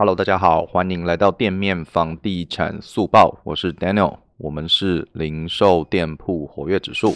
Hello，大家好，歡迎來到店面房地產速報。我是 Daniel，我們是零售店鋪活躍指數。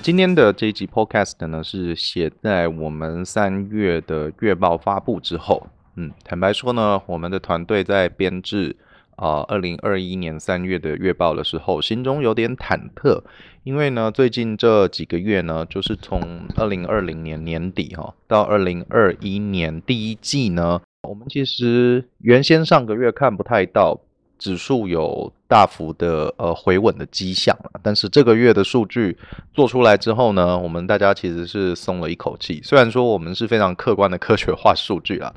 今天的這一集 Podcast 呢，是寫在我們三月的月報發布之後。嗯，坦白說呢，我們的團隊在編製啊二零二一年三月的月報的時候，心中有點忐忑，因為呢，最近這幾個月呢，就是從二零二零年年底哈、哦、到二零二一年第一季呢，我們其實原先上個月看不太到指數有大幅的呃回穩的跡象，但是這個月的數據做出來之後呢，我們大家其實是鬆了一口氣，雖然說我們是非常客觀的科學化數據啊。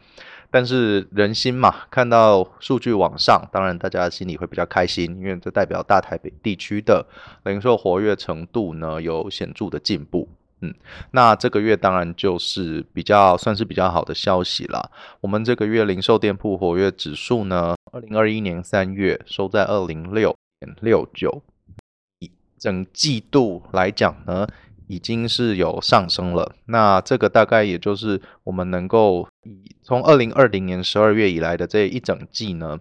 但是人心嘛，看到數據往上，當然大家心裡會比較開心，因為這代表大台北地區的零售活躍程度呢有顯著的進步。嗯，那這個月當然就是比較算是比較好的消息啦。我們這個月零售店鋪活躍指數呢，二零二一年三月收在二零六點六九，以整季度來講呢。已經是有上升了，那這個大概也就是我們能夠以從二零二零年十二月以來的這一整季呢，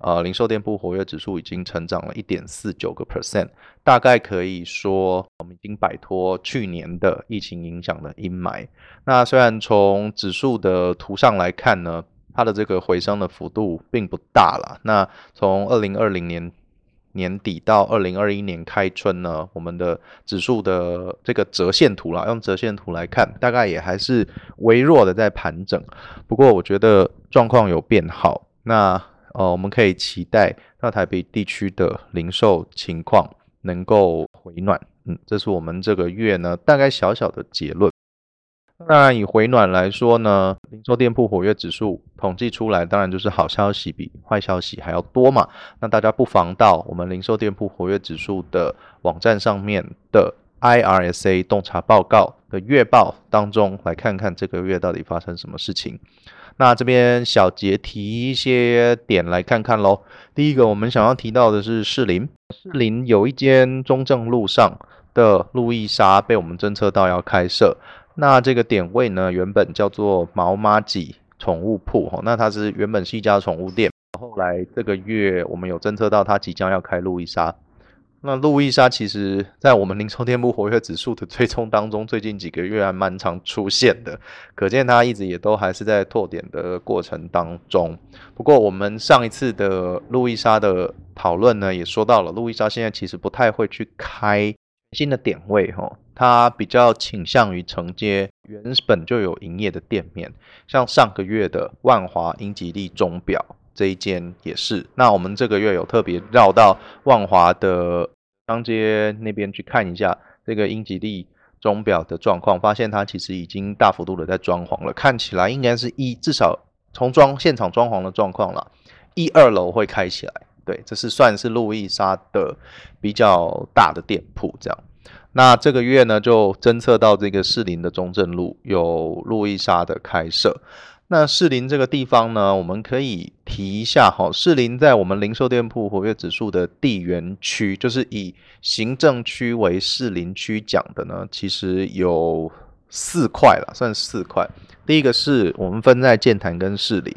呃，零售店鋪活躍指數已經成長了一點四九個 percent，大概可以說我們已經擺脫去年的疫情影響的陰霾。那雖然從指數的圖上來看呢，它的這個回升的幅度並不大了，那從二零二零年。年底到二零二一年開春呢，我們的指數的這個折線圖啦，用折線圖來看，大概也還是微弱的在盤整，不過我覺得狀況有變好，那呃我們可以期待那台北地區的零售情況能夠回暖，嗯，這是我們這個月呢大概小小的結論。那以回暖來說呢，零售店鋪活躍指數統計出來，當然就是好消息比壞消息還要多嘛。那大家不妨到我們零售店鋪活躍指數的網站上面的 IRSA 洞察報告的月報當中，來看看這個月到底發生什麼事情。那這邊小傑提一些點來看看嘍。第一個，我們想要提到的是士林，士林有一間中正路上的路易莎被我們偵測到要開設。那這個點位呢，原本叫做毛麻吉寵物鋪吼，那它是原本是一家寵物店，後來這個月我們有偵測到它即將要開路易莎。那路易莎其實在我們零售店鋪活躍指數的追蹤當中，最近幾個月還蠻常出現的，可見它一直也都還是在拓點的過程當中。不過我們上一次的路易莎的討論呢，也說到了路易莎現在其實不太會去開。新的點位，哈，它比較傾向於承接原本就有營業的店面，像上個月的萬華英吉利鐘錶這一間也是。那我們這個月有特別繞到萬華的當街那邊去看一下這個英吉利鐘錶的狀況，發現它其實已經大幅度的在裝潢了，看起來應該是一，至少從裝現場裝潢的狀況啦，一二樓會開起來。對，這是算是路易莎的比較大的店鋪這樣。那這個月呢，就偵測到這個士林的中正路有路易莎的開設。那士林這個地方呢，我們可以提一下哈，士林在我們零售店鋪活躍指數的地緣區，就是以行政區為士林區講的呢，其實有。四塊啦，算四塊。第一個是我們分在劍潭跟士林，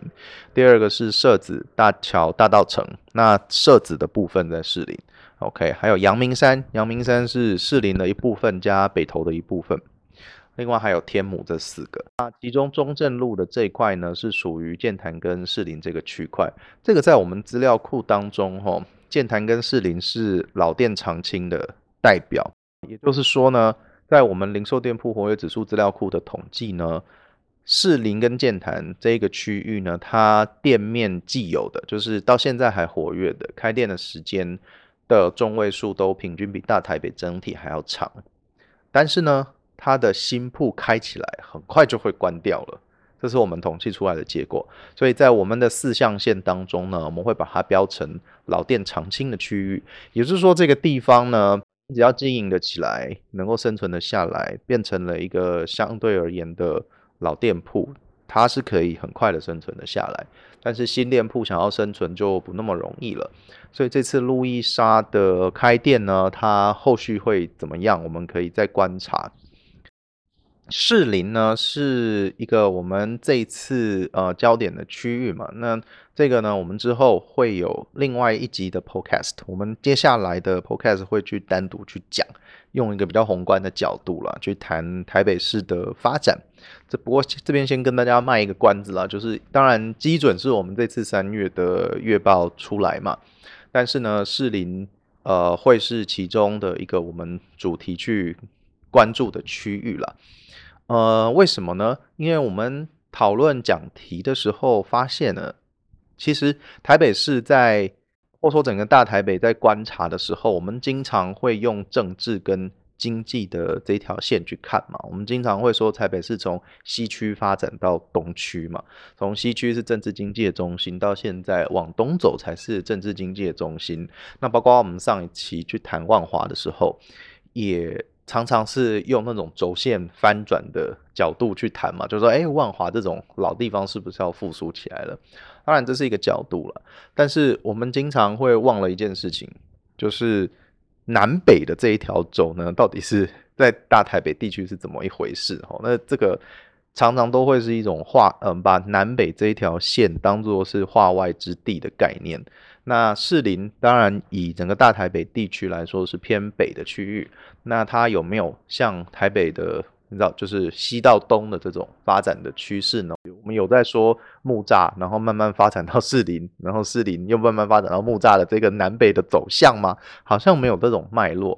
第二個是社子大橋大道城，那社子的部分在士林，OK，還有陽明山，陽明山是士林的一部分加北投的一部分，另外還有天母這四個。那、啊、其中中正路的這一塊呢，是屬於劍潭跟士林這個區塊。這個在我們資料庫當中、哦，哈，建潭跟士林是老店長青的代表，也就是說呢。在我們零售店鋪活躍指數資料庫的統計呢，士林跟劍潭這個區域呢，它店面既有的就是到現在還活躍的，開店的時間的中位數都平均比大台北整體還要長，但是呢，它的新鋪開起來很快就會關掉了，這是我們統計出來的結果。所以在我們的四象限當中呢，我們會把它標成老店常青的區域，也就是說這個地方呢。只要經營的起來，能夠生存的下來，變成了一個相對而言的老店鋪，它是可以很快的生存的下來。但是新店鋪想要生存就不那麼容易了。所以這次路易莎的開店呢，它後續會怎麼樣，我們可以再觀察。士林呢，是一個我們這一次呃焦點的區域嘛，那這個呢，我們之後會有另外一集的 podcast，我們接下來的 podcast 會去單獨去講，用一個比較宏觀的角度啦，去談台北市的發展。這不過這邊先跟大家賣一個關子啦，就是當然基準是我們這次三月的月報出來嘛，但是呢，士林呃會是其中的一個我們主題去關注的區域啦。呃，為什麼呢？因為我們討論講題的時候，發現呢，其實台北市在或說整個大台北在觀察的時候，我們經常會用政治跟經濟的這條線去看嘛。我們經常會說台北市從西區發展到東區嘛，從西區是政治經濟的中心，到現在往東走才是政治經濟的中心。那包括我們上一期去談萬華的時候，也常常是用那種軸線翻轉的角度去談嘛，就是說，誒，萬華這種老地方是不是要復甦起來了？當然這是一個角度了，但是我們經常會忘了一件事情，就是南北的這一條軸呢，到底是在大台北地區是怎麼一回事？哦，那這個。常常都會是一種化，嗯、呃,把南北這一條線當作是化外之地的概念。那士林當然以整個大台北地區來說是偏北的區域，那它有沒有像台北的，你知道，就是西到東的這種發展的趨勢呢？我們有在說木柵，然後慢慢發展到士林，然後士林又慢慢發展到木柵的這個南北的走向嗎？好像沒有這種脈絡。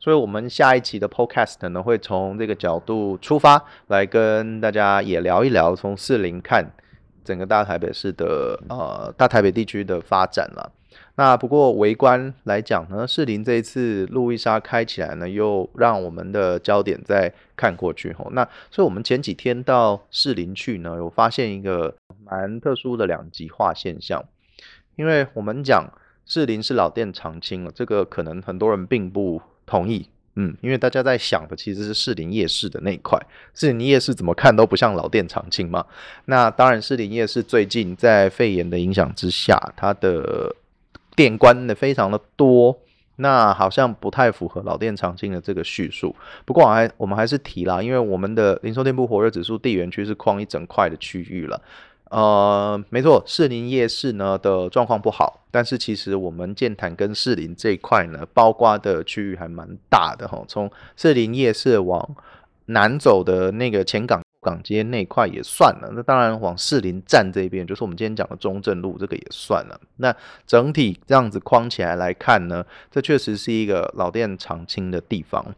所以，我們下一期的 Podcast 呢，會從這個角度出發，來跟大家也聊一聊，從士林看整個大台北市的呃大台北地區的發展了。那不過，微觀來講呢，士林這一次路易莎開起來呢，又讓我們的焦點再看過去吼、哦。那所以，我們前幾天到士林去呢，有發現一個蠻特殊的兩極化現象，因為我們講士林是老店常青了，這個可能很多人並不。同意，嗯，因為大家在想的其實是士林夜市的那一塊，士林夜市怎麼看都不像老店常青嘛。那當然，士林夜市最近在肺炎的影響之下，它的店關的非常的多，那好像不太符合老店常青的這個敘述。不過我還我們還是提啦，因為我們的零售店鋪活躍指數地緣區是框一整塊的區域了。呃，沒錯，士林夜市呢的狀況不好，但是其實我們劍潭跟士林這一塊呢，包括的區域還蠻大的哈。從士林夜市往南走的那個前港港街那塊也算了，那當然往士林站這邊，就是我們今天講的中正路這個也算了。那整體這樣子框起來來看呢，這確實是一個老店常青的地方。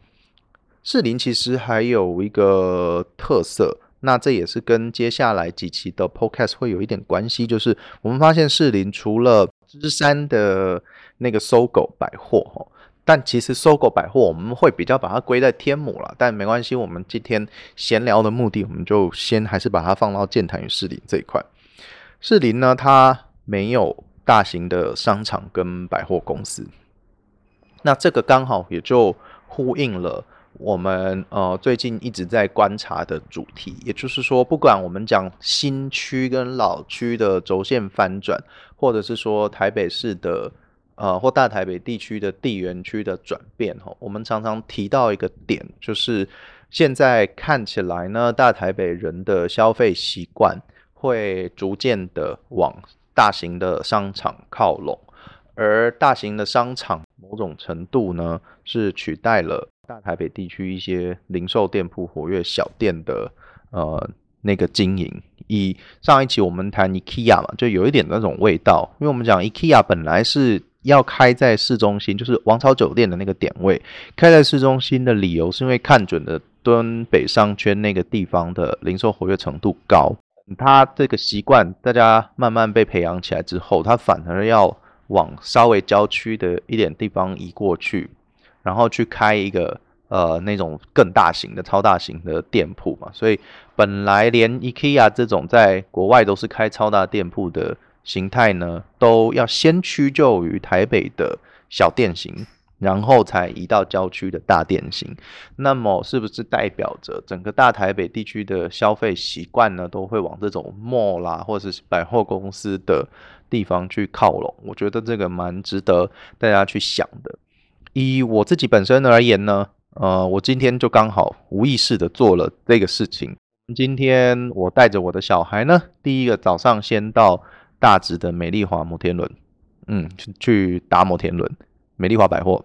士林其實還有一個特色。那這也是跟接下來幾期的 Podcast 會有一點關係，就是我們發現士林除了芝山的那個 SOGO 百貨，但其實 SOGO 百貨我們會比較把它歸在天母了，但沒關係，我們今天閒聊的目的，我們就先還是把它放到劍潭與士林這一塊。士林呢，它沒有大型的商場跟百貨公司，那這個剛好也就呼應了。我們呃最近一直在觀察的主題，也就是說，不管我們講新區跟老區的軸線翻轉，或者是說台北市的呃或大台北地區的地緣區的轉變，哈，我們常常提到一個點，就是現在看起來呢，大台北人的消費習慣會逐漸的往大型的商場靠攏，而大型的商場某種程度呢是取代了。大台北地區一些零售店鋪活躍小店的呃那個經營，以上一期我們談 IKEA 嘛，就有一點那種味道，因為我們講 IKEA 本來是要開在市中心，就是王朝酒店的那個點位。開在市中心的理由是因為看準了敦北商圈那個地方的零售活躍程度高。它這個習慣大家慢慢被培養起來之後，它反而要往稍微郊區的一點地方移過去。然後去開一個呃那種更大型的超大型的店鋪嘛，所以本來連 IKEA 這種在國外都是開超大店鋪的形態呢，都要先屈就於台北的小店型，然後才移到郊區的大店型。那麼是不是代表着整個大台北地區的消費習慣呢，都會往這種 mall 啦，或者是百貨公司的地方去靠攏？我覺得這個蠻值得大家去想的。以我自己本身而言呢，呃，我今天就剛好無意識地做了這個事情。今天我帶着我的小孩呢，第一個早上先到大直的美麗華摩天輪，嗯，去去打摩天輪，美麗華百貨。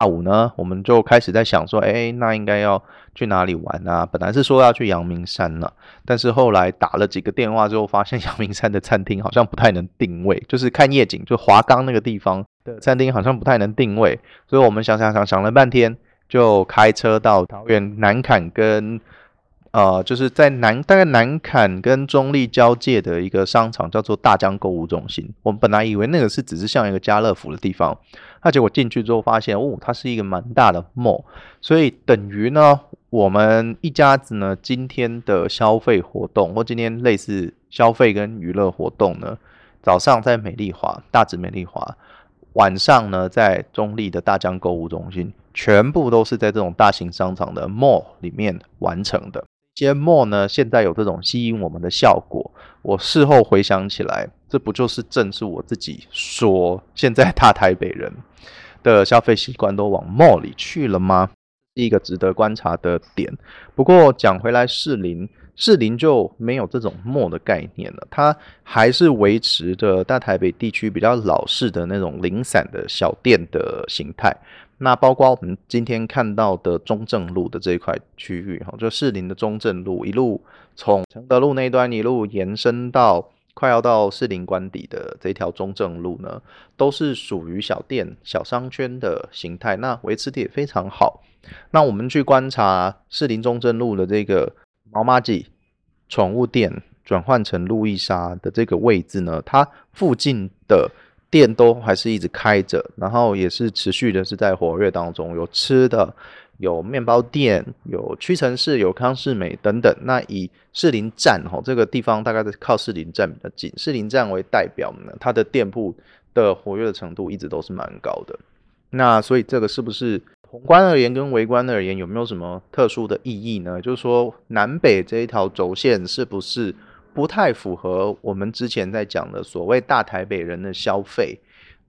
下午呢，我們就開始在想說，哎，那應該要去哪裡玩啊？本來是說要去陽明山了啊，但是後來打了幾個電話之後，發現陽明山的餐廳好像不太能定位，就是看夜景，就華岡那個地方。的餐廳好像不太能定位，所以我們想想想想了半天，就開車到桃園南崁跟呃，就是在南大概南崁跟中壢交界的一個商場，叫做大江購物中心。我們本來以為那個是只是像一個家樂福的地方，那結果進去之後發現，哦，它是一個蠻大的 mall。所以等於呢，我們一家子呢今天的消費活動，或今天類似消費跟娛樂活動呢，早上在美麗華，大直美麗華。晚上呢，在中壢的大江購物中心，全部都是在這種大型商場的 mall 裡面完成的。這些 mall 呢，現在有這種吸引我們的效果。我事後回想起來，這不就是正是我自己說，現在大台北人的消費習慣都往 mall 裡去了嗎？是一個值得觀察的點。不過講回來，士林。士林就沒有這種 mall 的概念了，它還是維持着大台北地區比較老式的那種零散的小店的形態。那包括我們今天看到的中正路的這一塊區域，哈，就士林的中正路一路從承德路那一端一路延伸到快要到士林官邸的這條中正路呢，都是屬於小店小商圈的形態，那維持的也非常好。那我們去觀察士林中正路的這個。毛麻吉寵物店轉換成路易莎的這個位置呢，它附近的店都還是一直開着，然後也是持續的是在活躍當中，有吃的，有麵包店，有屈臣氏，有康是美等等。那以士林站哈、哦、這個地方，大概是靠士林站比較近，士林站為代表呢，它的店鋪的活躍的程度一直都是蠻高的。那所以這個是不是宏觀而言跟微觀而言有沒有什麼特殊的意義呢？就是說南北這一條軸線是不是不太符合我們之前在講的所謂大台北人的消費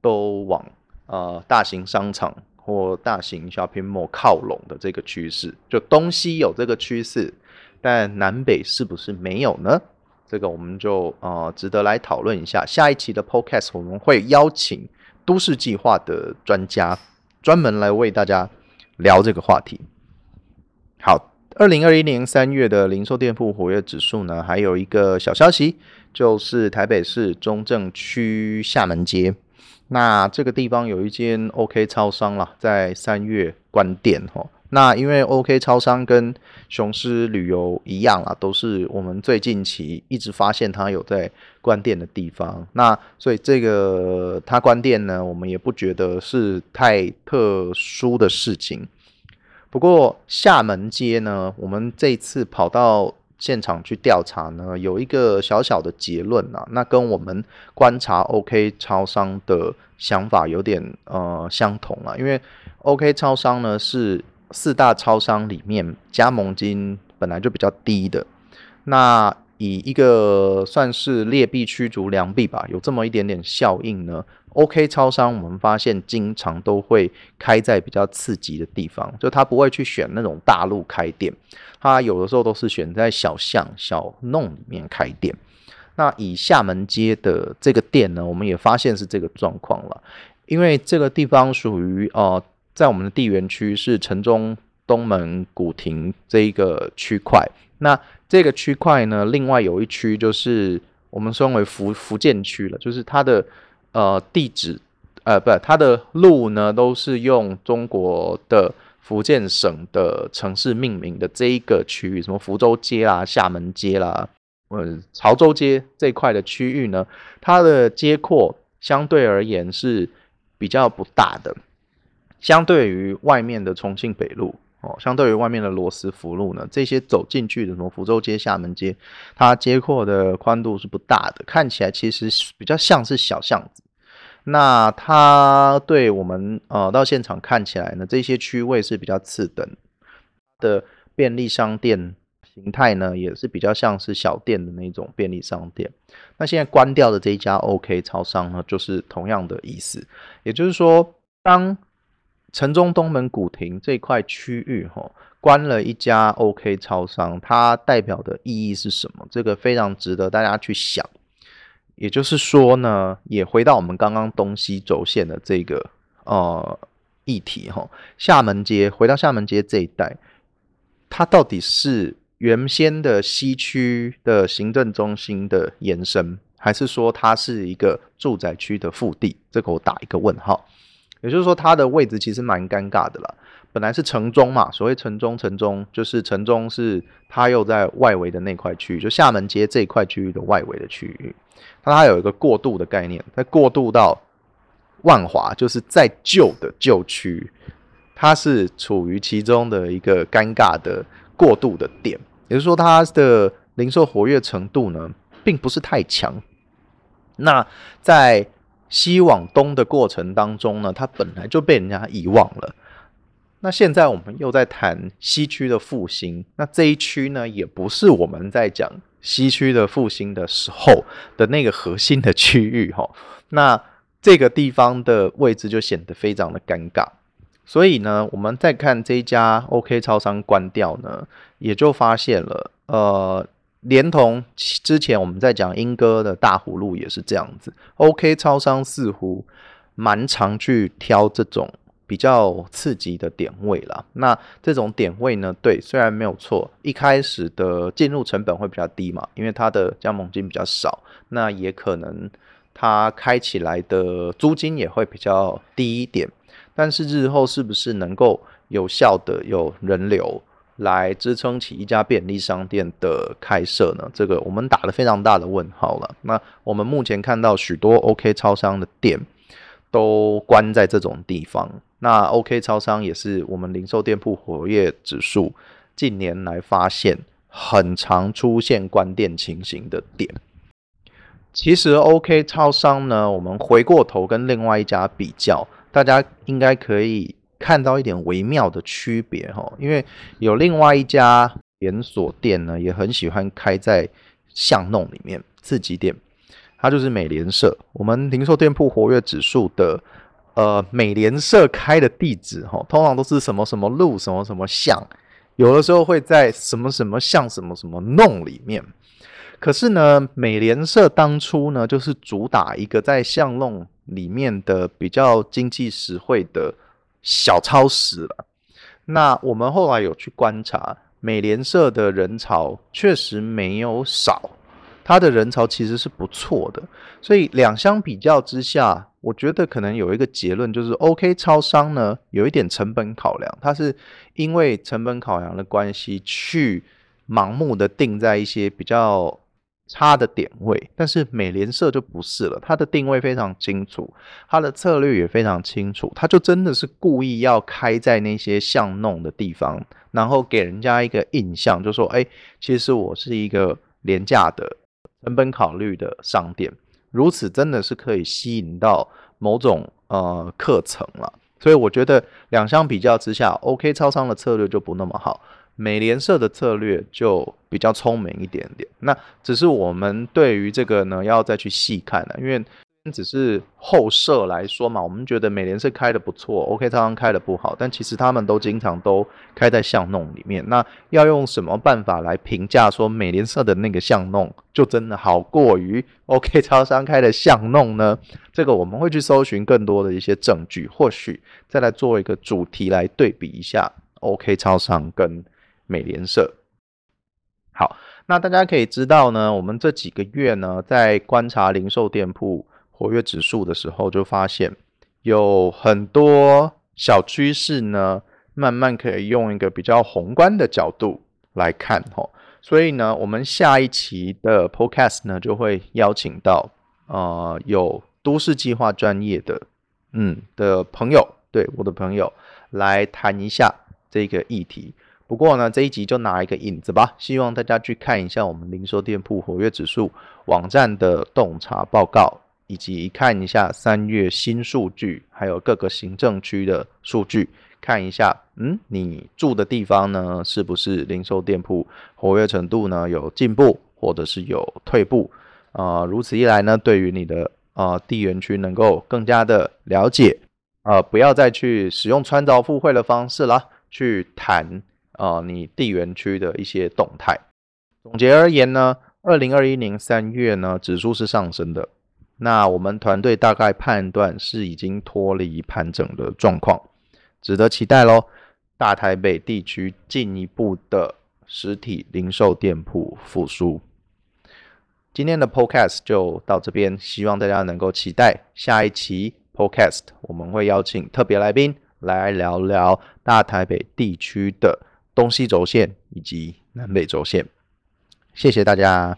都往呃大型商場或大型 shopping mall 靠攏的這個趨勢？就東西有這個趨勢，但南北是不是沒有呢？這個我們就呃值得來討論一下。下一期的 Podcast 我們會邀請。都市計劃的專家，專門來為大家聊這個話題。好，二零二一年三月的零售店鋪活躍指數呢，還有一個小消息，就是台北市中正區廈門街，那這個地方有一間 OK 超商啦，在三月關店哈、哦。那因為 OK 超商跟雄獅旅遊一樣啊，都是我們最近期一直發現它有在關店的地方。那所以這個它關店呢，我們也不覺得是太特殊的事情。不過廈門街呢，我們這次跑到現場去調查呢，有一個小小的結論啊。那跟我們觀察 OK 超商的想法有點呃相同啊，因為 OK 超商呢是。四大超商裡面，加盟金本來就比較低的，那以一個算是劣幣驅逐良幣吧，有這麼一點點效應呢。OK 超商我們發現經常都會開在比較刺激的地方，就他不會去選那種大路開店，他有的時候都是選在小巷小弄裡面開店。那以廈門街的這個店呢，我們也發現是這個狀況了，因為這個地方屬於呃。在我們的地緣區是城中東門古亭這一個區塊。那這個區塊呢，另外有一區就是我們稱為福福建區了，就是它的呃地址呃不，它的路呢都是用中國的福建省的城市命名的這一個區域，什麼福州街啦、啊、廈門街啦、啊、呃潮州街這一塊的區域呢，它的街廓相對而言是比較不大的。相對於外面的重慶北路哦，相對於外面的羅斯福路呢，這些走進去的什麼福州街、廈門街，它街廓的寬度是不大的，看起來其實比較像是小巷子。那它對我們呃到現場看起來呢，這些區位是比較次等的便利商店形態呢，也是比較像是小店的那種便利商店。那現在關掉的這一家 OK 超商呢，就是同樣的意思，也就是說當。城中東門古亭這塊區域，哦，哈，關了一家 OK 超商，它代表的意義是什麼？這個非常值得大家去想。也就是說呢，也回到我們剛剛東西軸線的這個呃議題，哦，哈，廈門街回到廈門街這一帶，它到底是原先的西區的行政中心的延伸，還是說它是一個住宅區的腹地？這個我打一個問號。也就是說，它的位置其實蠻尷尬的啦。本來是城中嘛，所謂城中城中，就是城中是它又在外圍的那塊區域，就廈門街這一塊區域的外圍的區域。它有一個過渡的概念，在過渡到萬華，就是在舊的舊區，它是處於其中的一個尷尬的過渡的點。也就是說，它的零售活躍程度呢，並不是太強。那在西往東的過程當中呢，它本來就被人家遺忘了。那現在我們又在談西區的復興，那這一區呢，也不是我們在講西區的復興的時候的那個核心的區域哈、哦。那這個地方的位置就顯得非常的尷尬。所以呢，我們再看這一家 OK 超商關掉呢，也就發現了，呃。連同之前我們在講鶯歌的大葫蘆也是這樣子，OK 超商似乎蠻常去挑這種比較刺激的點位啦，那這種點位呢，對，雖然沒有錯，一開始的進入成本會比較低嘛，因為它的加盟金比較少，那也可能它開起來的租金也會比較低一點。但是日後是不是能夠有效的有人流？來支撐起一家便利商店的開設呢？這個我們打了非常大的問號了。那我們目前看到許多 OK 超商的店都關在這種地方。那 OK 超商也是我們零售店鋪活躍指數近年來發現很常出現關店情形的店。其實 OK 超商呢，我們回過頭跟另外一家比較，大家應該可以。看到一點微妙的區別哈，因為有另外一家連鎖店呢，也很喜歡開在巷弄裡面自己店，它就是美廉社。我們零售店鋪活躍指數的呃美廉社開的地址哈，通常都是什麼什麼路什麼什麼巷，有的時候會在什麼什麼巷什麼什麼弄裡面。可是呢，美廉社當初呢，就是主打一個在巷弄裡面的比較經濟實惠的。小超死了，那我們後來有去觀察美廉社的人潮，確實沒有少，它的人潮其實是不錯的，所以兩相比較之下，我覺得可能有一個結論，就是 OK 超商呢，有一點成本考量，它是因為成本考量的關係，去盲目的定在一些比較。差的點位，但是美廉社就不是了，它的定位非常清楚，它的策略也非常清楚，它就真的是故意要開在那些巷弄的地方，然後給人家一個印象，就說，哎、欸，其實我是一個廉價的成本，本考慮的商店，如此真的是可以吸引到某種呃客層了。所以我覺得兩相比較之下，OK 超商的策略就不那麼好。美廉社的策略就比較聰明一點點，那只是我們對於這個呢要再去細看了，啊，因為只是後設來說嘛，我們覺得美廉社開的不錯，OK 超商開的不好，但其實他們都經常都開在巷弄裡面。那要用什麼辦法來評價說美廉社的那個巷弄就真的好過於 OK 超商開的巷弄呢？這個我們會去搜尋更多的一些證據，或許再來做一個主題來對比一下 OK 超商跟。美廉社。好，那大家可以知道呢，我們這幾個月呢，在觀察零售店鋪活躍指數的時候，就發現有很多小趨勢呢，慢慢可以用一個比較宏觀的角度來看齁。所以呢，我們下一期的 Podcast 呢，就會邀請到呃有都市計劃專業的嗯的朋友，對，我的朋友來談一下這個議題。不過呢，這一集就拿一個引子吧，希望大家去看一下我們零售店鋪活躍指數網站的洞察報告，以及看一下三月新數據，還有各個行政區的數據，看一下，嗯，你住的地方呢，是不是零售店鋪活躍程度呢有進步，或者是有退步？啊、呃，如此一來呢，對於你的啊、呃、地緣區能夠更加的了解，啊、呃，不要再去使用穿鑿附會的方式啦，去談。啊、哦，你地緣區的一些動態。總結而言呢，二零二一年三月呢，指數是上升的。那我們團隊大概判斷是已經脫離盤整的狀況，值得期待嘍。大台北地區進一步的實體零售店鋪復甦。今天的 Podcast 就到這邊，希望大家能夠期待下一期 Podcast，我們會邀請特別來賓來聊聊大台北地區的。東西軸線以及南北軸線。謝謝大家。